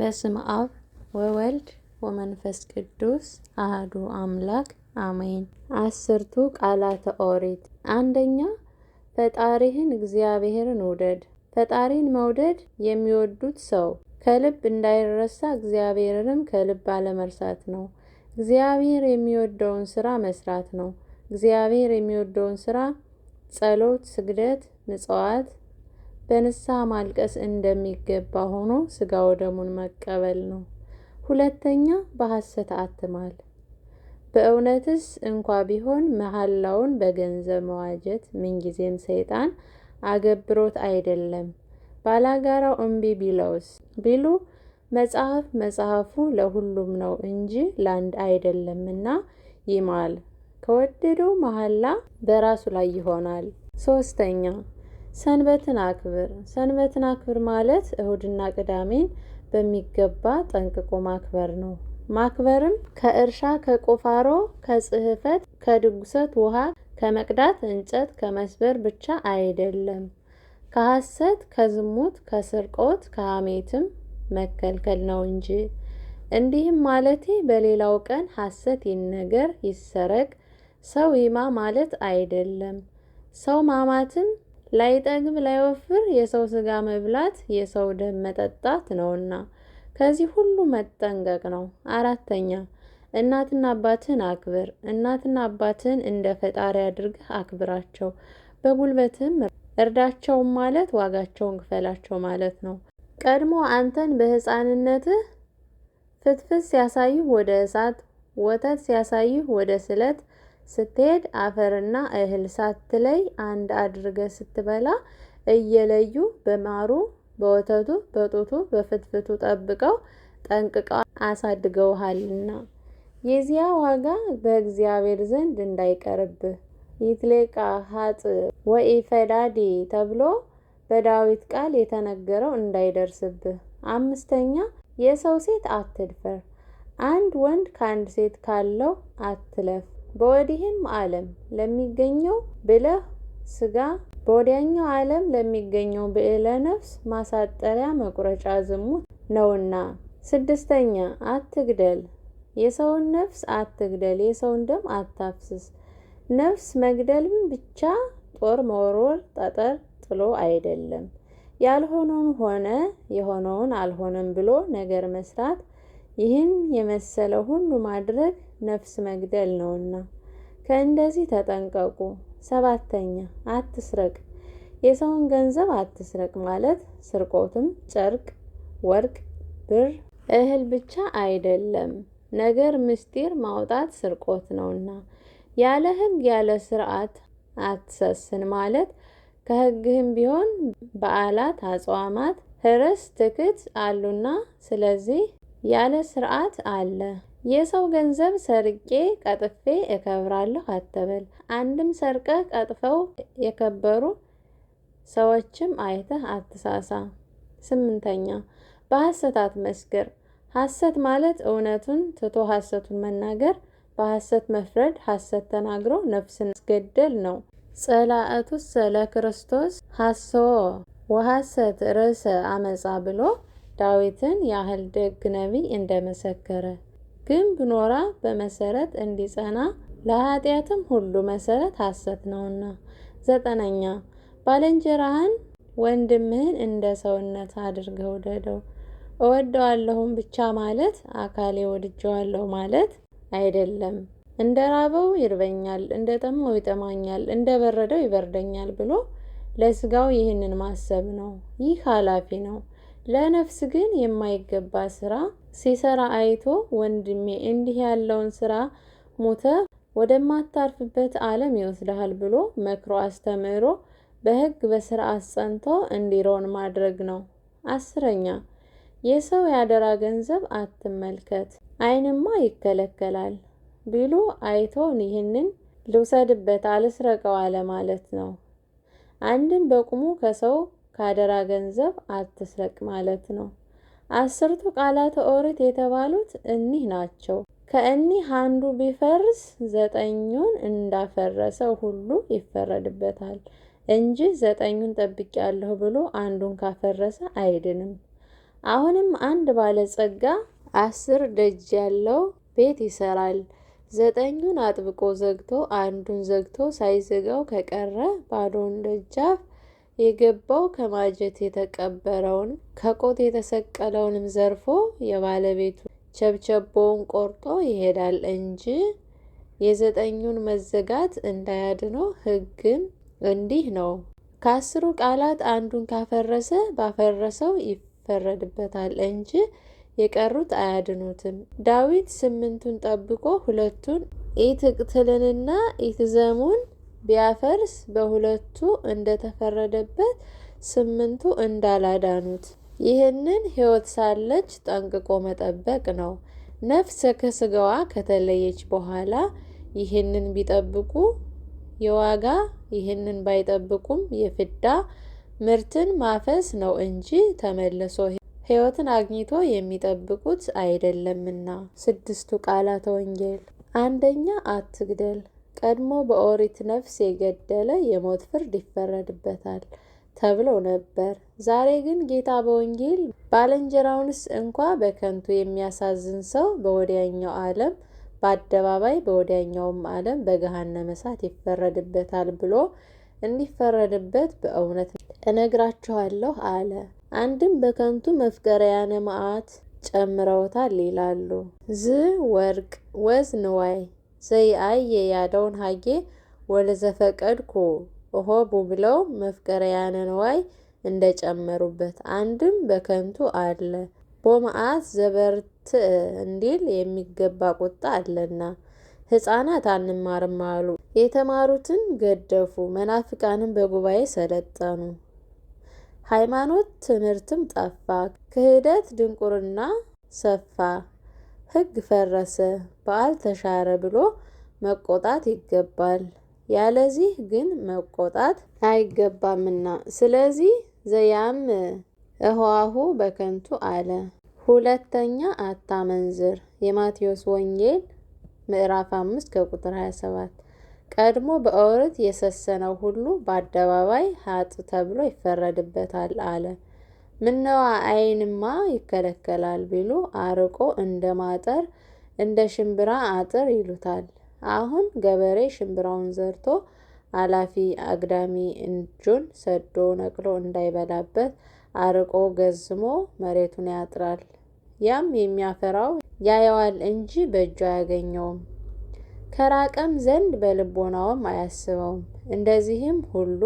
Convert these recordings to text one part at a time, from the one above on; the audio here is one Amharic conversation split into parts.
በስም አብ ወወልድ ወመንፈስ ቅዱስ አህዱ አምላክ አሜን። አስርቱ ቃላተ ኦሪት። አንደኛ ፈጣሪህን እግዚአብሔርን ውደድ። ፈጣሪን መውደድ የሚወዱት ሰው ከልብ እንዳይረሳ እግዚአብሔርንም ከልብ አለመርሳት ነው። እግዚአብሔር የሚወደውን ስራ መስራት ነው። እግዚአብሔር የሚወደውን ስራ ጸሎት፣ ስግደት፣ ምጽዋት በንስሐ ማልቀስ እንደሚገባ ሆኖ ስጋው ደሙን መቀበል ነው። ሁለተኛ በሐሰት አትማል። በእውነትስ እንኳ ቢሆን መሐላውን በገንዘብ መዋጀት ምንጊዜም ሰይጣን አገብሮት አይደለም። ባላጋራው እምቢ ቢለውስ ቢሉ መጽሐፍ መጽሐፉ ለሁሉም ነው እንጂ ለአንድ አይደለምና ይማል። ከወደደው መሐላ በራሱ ላይ ይሆናል። ሶስተኛ ሰንበትን አክብር። ሰንበትን አክብር ማለት እሁድና ቅዳሜን በሚገባ ጠንቅቆ ማክበር ነው። ማክበርም ከእርሻ፣ ከቁፋሮ፣ ከጽህፈት፣ ከድጉሰት፣ ውሃ ከመቅዳት፣ እንጨት ከመስበር ብቻ አይደለም። ከሐሰት፣ ከዝሙት፣ ከስርቆት፣ ከሐሜትም መከልከል ነው እንጂ። እንዲህም ማለቴ በሌላው ቀን ሐሰት ይነገር፣ ይሰረቅ፣ ሰው ይማ ማለት አይደለም። ሰው ማማትም ላይጠግብ ላይወፍር የሰው ስጋ መብላት የሰው ደም መጠጣት ነውና ከዚህ ሁሉ መጠንቀቅ ነው። አራተኛ እናትና አባትን አክብር። እናትና አባትን እንደ ፈጣሪ አድርገህ አክብራቸው፣ በጉልበትም እርዳቸው ማለት ዋጋቸውን ክፈላቸው ማለት ነው። ቀድሞ አንተን በህፃንነት ፍትፍት ሲያሳይህ ወደ እሳት፣ ወተት ሲያሳይህ ወደ ስለት ስትሄድ አፈርና እህል ሳትለይ አንድ አድርገ ስትበላ እየለዩ በማሩ በወተቱ በጡቱ በፍትፍቱ ጠብቀው ጠንቅቀው አሳድገውሃልና የዚያ ዋጋ በእግዚአብሔር ዘንድ እንዳይቀርብ፣ ይትሌቃ ሀጥ ወኢፈዳዲ ተብሎ በዳዊት ቃል የተነገረው እንዳይደርስብህ። አምስተኛ የሰው ሴት አትድፈር። አንድ ወንድ ከአንድ ሴት ካለው አትለፍ። በወዲህም ዓለም ለሚገኘው ብለህ ስጋ በወዲያኛው ዓለም ለሚገኘው ብዕለ ነፍስ ማሳጠሪያ መቁረጫ ዝሙት ነውና። ስድስተኛ አትግደል። የሰውን ነፍስ አትግደል፣ የሰውን ደም አታፍስስ። ነፍስ መግደልም ብቻ ጦር መወርወር፣ ጠጠር ጥሎ አይደለም። ያልሆነውን ሆነ የሆነውን አልሆነም ብሎ ነገር መስራት ይህን የመሰለ ሁሉ ማድረግ ነፍስ መግደል ነውና ከእንደዚህ ተጠንቀቁ። ሰባተኛ አትስረቅ። የሰውን ገንዘብ አትስረቅ ማለት ስርቆትም ጨርቅ፣ ወርቅ፣ ብር፣ እህል ብቻ አይደለም፣ ነገር ምስጢር ማውጣት ስርቆት ነውና። ያለ ህግ ያለ ስርዓት አትሰስን ማለት ከህግህም ቢሆን በዓላት፣ አጽዋማት፣ ህርስ፣ ትክት አሉና ስለዚህ ያለ ስርዓት አለ። የሰው ገንዘብ ሰርቄ ቀጥፌ እከብራለሁ አትበል። አንድም ሰርቀ ቀጥፈው የከበሩ ሰዎችም አይተህ አትሳሳ። ስምንተኛ በሐሰት አትመስክር። ሐሰት ማለት እውነቱን ትቶ ሐሰቱን መናገር፣ በሐሰት መፍረድ፣ ሐሰት ተናግሮ ነፍስን ማስገደል ነው። ጸላእቱሰ ክርስቶስ ሐሶ ወሐሰት ርዕሰ አመፃ ብሎ ዳዊትን ያህል ደግ ነቢይ እንደመሰከረ ግንብ ኖራ በመሰረት እንዲጸና ለኃጢአትም ሁሉ መሰረት ሐሰት ነውና። ዘጠነኛ ባለንጀራህን ወንድምህን እንደ ሰውነት አድርገው ውደደው። እወደዋለሁም ብቻ ማለት አካሌ ወድጀዋለሁ ማለት አይደለም። እንደ ራበው ይርበኛል፣ እንደ ጠማው ይጠማኛል፣ እንደ በረደው ይበርደኛል ብሎ ለስጋው ይህንን ማሰብ ነው። ይህ ኃላፊ ነው። ለነፍስ ግን የማይገባ ስራ ሲሰራ አይቶ ወንድሜ እንዲህ ያለውን ስራ ሞተ ወደማታርፍበት ዓለም ይወስድሃል ብሎ መክሮ አስተምሮ በህግ በስርዓት ጸንቶ እንዲሮን ማድረግ ነው። አስረኛ የሰው ያደራ ገንዘብ አትመልከት፣ አይንማ ይከለከላል ቢሉ አይቶን ይህንን ልውሰድበት አልስረቀው ማለት ነው። አንድም በቁሙ ከሰው ከአደራ ገንዘብ አትስረቅ ማለት ነው። አስርቱ ቃላተ ኦሪት የተባሉት እኒህ ናቸው። ከእኒህ አንዱ ቢፈርስ ዘጠኙን እንዳፈረሰው ሁሉ ይፈረድበታል እንጂ ዘጠኙን ጠብቄያለሁ ብሎ አንዱን ካፈረሰ አይድንም። አሁንም አንድ ባለጸጋ አስር ደጅ ያለው ቤት ይሰራል። ዘጠኙን አጥብቆ ዘግቶ አንዱን ዘግቶ ሳይዘጋው ከቀረ ባዶውን ደጃፍ የገባው ከማጀት የተቀበረውን ከቆት የተሰቀለውንም ዘርፎ የባለቤቱ ቸብቸቦውን ቆርጦ ይሄዳል እንጂ የዘጠኙን መዘጋት እንዳያድነው። ሕግም እንዲህ ነው፣ ከአስሩ ቃላት አንዱን ካፈረሰ ባፈረሰው ይፈረድበታል እንጂ የቀሩት አያድኑትም። ዳዊት ስምንቱን ጠብቆ ሁለቱን ኢትቅትልንና ኢትዘሙን ቢያፈርስ በሁለቱ እንደተፈረደበት ስምንቱ እንዳላዳኑት። ይህንን ሕይወት ሳለች ጠንቅቆ መጠበቅ ነው። ነፍስ ከስጋዋ ከተለየች በኋላ ይህንን ቢጠብቁ የዋጋ ይህንን ባይጠብቁም የፍዳ ምርትን ማፈስ ነው እንጂ ተመልሶ ሕይወትን አግኝቶ የሚጠብቁት አይደለምና። ስድስቱ ቃላት ወንጌል፣ አንደኛ አትግደል። ቀድሞ በኦሪት ነፍስ የገደለ የሞት ፍርድ ይፈረድበታል ተብሎ ነበር። ዛሬ ግን ጌታ በወንጌል ባልንጀራውንስ እንኳ በከንቱ የሚያሳዝን ሰው በወዲያኛው ዓለም በአደባባይ በወዲያኛውም ዓለም በገሃነመ እሳት ይፈረድበታል ብሎ እንዲፈረድበት በእውነት እነግራችኋለሁ አለ። አንድም በከንቱ መፍቀሪያነ መዓት ጨምረውታል ይላሉ። ዝ ወርቅ ወዝ ንዋይ አየ ያደውን ሀጌ ወለዘፈቀድኩ እሆቡ ብለው መፍቀረ ያነንዋይ እንደጨመሩበት አንድም በከንቱ አለ ቦመዓት ዘበርት እንዲል የሚገባ ቁጣ አለና ሕፃናት አንማርም አሉ። የተማሩትን ገደፉ፣ መናፍቃንም በጉባኤ ሰለጠኑ። ሃይማኖት ትምህርትም ጠፋ፣ ክህደት ድንቁርና ሰፋ። ህግ ፈረሰ በዓል ተሻረ ብሎ መቆጣት ይገባል። ያለዚህ ግን መቆጣት አይገባምና ስለዚህ ዘያም እህዋሁ በከንቱ አለ። ሁለተኛ አታመንዝር የማቴዎስ ወንጌል ምዕራፍ 5 ከቁጥር 27 ቀድሞ በኦሪት የሰሰነው ሁሉ በአደባባይ ሀጥ ተብሎ ይፈረድበታል አለ። ምነዋ አይንማ ይከለከላል ቢሉ አርቆ እንደ ማጠር እንደ ሽምብራ አጥር ይሉታል። አሁን ገበሬ ሽምብራውን ዘርቶ አላፊ አግዳሚ እጁን ሰዶ ነቅሎ እንዳይበላበት አርቆ ገዝሞ መሬቱን ያጥራል። ያም የሚያፈራው ያየዋል እንጂ በእጁ አያገኘውም። ከራቀም ዘንድ በልቦናውም አያስበውም። እንደዚህም ሁሉ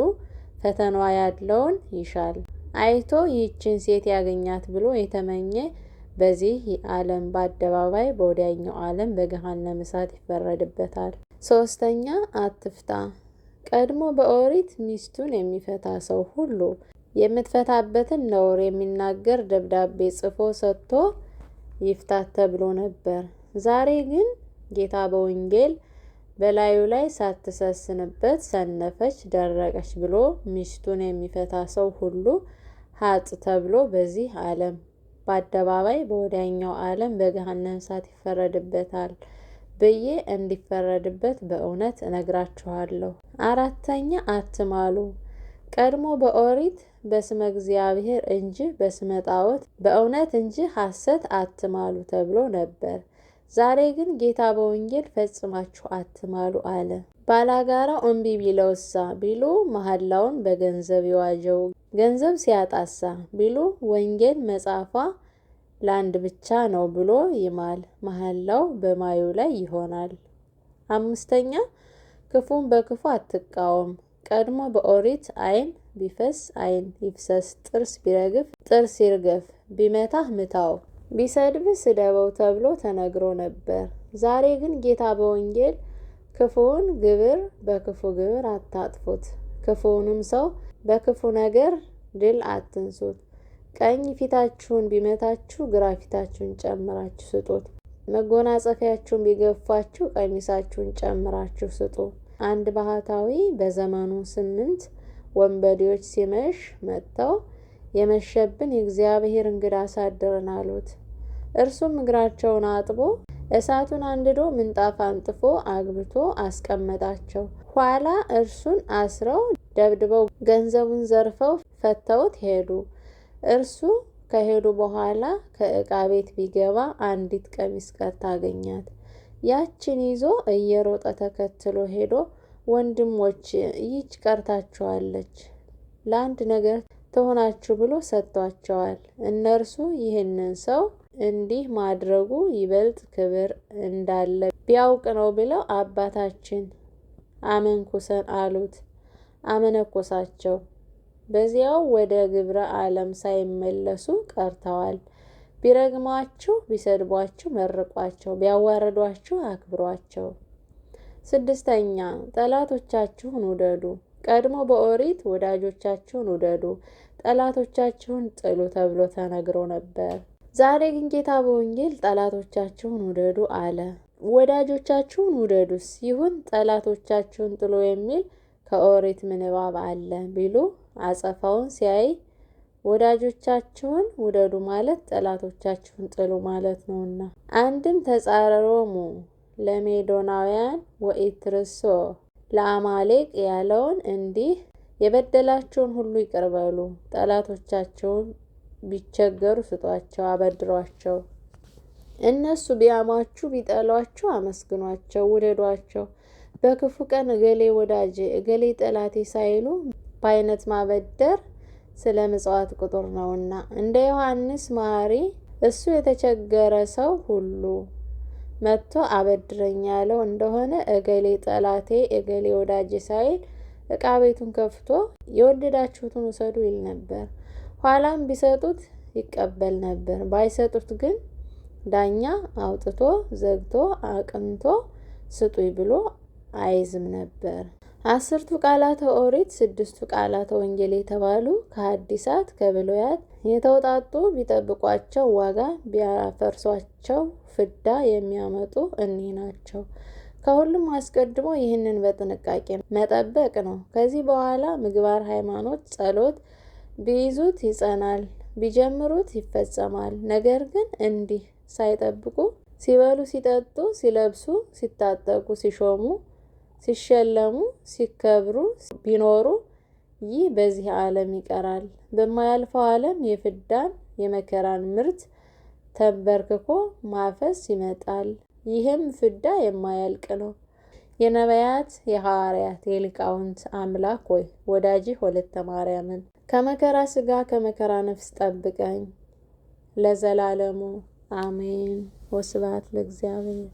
ፈተናዋ ያለውን ይሻል። አይቶ ይህችን ሴት ያገኛት ብሎ የተመኘ በዚህ ዓለም በአደባባይ በወዲያኛው ዓለም በገሃነመ እሳት ይፈረድበታል። ሶስተኛ አትፍታ። ቀድሞ በኦሪት ሚስቱን የሚፈታ ሰው ሁሉ የምትፈታበትን ነውር የሚናገር ደብዳቤ ጽፎ ሰጥቶ ይፍታት ተብሎ ነበር። ዛሬ ግን ጌታ በወንጌል በላዩ ላይ ሳትሰስንበት ሰነፈች፣ ደረቀች ብሎ ሚስቱን የሚፈታ ሰው ሁሉ ሀጥ ተብሎ በዚህ ዓለም በአደባባይ በወዲያኛው ዓለም በገሃነም እሳት ይፈረድበታል ብዬ እንዲፈረድበት በእውነት እነግራችኋለሁ። አራተኛ አትማሉ። ቀድሞ በኦሪት በስመ እግዚአብሔር እንጂ በስመ ጣዖት በእውነት እንጂ ሐሰት አትማሉ ተብሎ ነበር። ዛሬ ግን ጌታ በወንጌል ፈጽማችሁ አትማሉ አለ። ባላጋራ እምቢ ቢለውሳ ቢሉ መሐላውን በገንዘብ የዋጀው ገንዘብ ሲያጣሳ ቢሉ ወንጌል መጻፏ ለአንድ ብቻ ነው ብሎ ይማል፣ መሐላው በማዩ ላይ ይሆናል። አምስተኛ ክፉን በክፉ አትቃወም። ቀድሞ በኦሪት አይን ቢፈስ አይን ይፍሰስ፣ ጥርስ ቢረግፍ ጥርስ ይርገፍ፣ ቢመታህ ምታው። ቢሰድብ ስደበው ተብሎ ተነግሮ ነበር። ዛሬ ግን ጌታ በወንጌል ክፉውን ግብር በክፉ ግብር አታጥፉት፣ ክፉውንም ሰው በክፉ ነገር ድል አትንሱት። ቀኝ ፊታችሁን ቢመታችሁ ግራ ፊታችሁን ጨምራችሁ ስጡት። መጎናጸፊያችሁን ቢገፏችሁ ቀሚሳችሁን ጨምራችሁ ስጡ። አንድ ባህታዊ በዘመኑ ስምንት ወንበዴዎች ሲመሽ መጥተው የመሸብን የእግዚአብሔር እንግዳ አሳድረን አሉት። እርሱም እግራቸውን አጥቦ እሳቱን አንድዶ ምንጣፍ አንጥፎ አግብቶ አስቀመጣቸው። ኋላ እርሱን አስረው ደብድበው ገንዘቡን ዘርፈው ፈተውት ሄዱ። እርሱ ከሄዱ በኋላ ከእቃ ቤት ቢገባ አንዲት ቀሚስ ቀርታ አገኛት። ያችን ይዞ እየሮጠ ተከትሎ ሄዶ ወንድሞች ይች ቀርታችኋለች፣ ለአንድ ነገር ትሆናችሁ ብሎ ሰጥቷቸዋል። እነርሱ ይህንን ሰው እንዲህ ማድረጉ ይበልጥ ክብር እንዳለ ቢያውቅ ነው ብለው አባታችን አመንኩሰን አሉት። አመነኮሳቸው። በዚያው ወደ ግብረ ዓለም ሳይመለሱ ቀርተዋል። ቢረግሟችሁ፣ ቢሰድቧችሁ መርቋቸው፣ ቢያዋረዷችሁ አክብሯቸው። ስድስተኛ ጠላቶቻችሁን ውደዱ። ቀድሞ በኦሪት ወዳጆቻችሁን ውደዱ፣ ጠላቶቻችሁን ጥሉ ተብሎ ተነግሮ ነበር። ዛሬ ግን ጌታ በወንጌል ጠላቶቻችሁን ውደዱ አለ። ወዳጆቻችሁን ውደዱስ ይሁን ጠላቶቻችሁን ጥሎ የሚል ከኦሪት ምንባብ አለ ቢሉ አጸፋውን ሲያይ ወዳጆቻችሁን ውደዱ ማለት ጠላቶቻችሁን ጥሉ ማለት ነውና፣ አንድም ተጻረሮሙ ለሜዶናውያን ወኢትርሶ ለአማሌቅ ያለውን እንዲህ የበደላችሁን ሁሉ ይቅርበሉ ጠላቶቻችሁን ቢቸገሩ ስጧቸው፣ አበድሯቸው። እነሱ ቢያሟችሁ ቢጠሏችሁ አመስግኗቸው፣ ውደዷቸው። በክፉ ቀን እገሌ ወዳጄ እገሌ ጠላቴ ሳይሉ በአይነት ማበደር ስለ ምጽዋት ቁጥር ነውና እንደ ዮሐንስ ማሪ እሱ የተቸገረ ሰው ሁሉ መጥቶ አበድረኝ ያለው እንደሆነ እገሌ ጠላቴ እገሌ ወዳጄ ሳይል እቃ ቤቱን ከፍቶ የወደዳችሁትን ውሰዱ ይል ነበር። ኋላም ቢሰጡት ይቀበል ነበር። ባይሰጡት ግን ዳኛ አውጥቶ ዘግቶ አቅንቶ ስጡኝ ብሎ አይዝም ነበር። አስርቱ ቃላተ ኦሪት፣ ስድስቱ ቃላተ ወንጌል የተባሉ ከሐዲሳት ከብሉያት የተውጣጡ ቢጠብቋቸው ዋጋ ቢያፈርሷቸው ፍዳ የሚያመጡ እኒህ ናቸው። ከሁሉም አስቀድሞ ይህንን በጥንቃቄ መጠበቅ ነው። ከዚህ በኋላ ምግባር፣ ሃይማኖት፣ ጸሎት ቢይዙት ይጸናል፣ ቢጀምሩት ይፈጸማል። ነገር ግን እንዲህ ሳይጠብቁ ሲበሉ፣ ሲጠጡ፣ ሲለብሱ፣ ሲታጠቁ፣ ሲሾሙ፣ ሲሸለሙ፣ ሲከብሩ ቢኖሩ ይህ በዚህ ዓለም ይቀራል። በማያልፈው ዓለም የፍዳን የመከራን ምርት ተንበርክኮ ማፈስ ይመጣል። ይህም ፍዳ የማያልቅ ነው። የነቢያት፣ የሐዋርያት፣ የሊቃውንት አምላክ ሆይ ወዳጅህ ወለተ ማርያምን ከመከራ ስጋ ከመከራ ነፍስ ጠብቀኝ ለዘላለሙ አሜን። ወስብሐት ለእግዚአብሔር።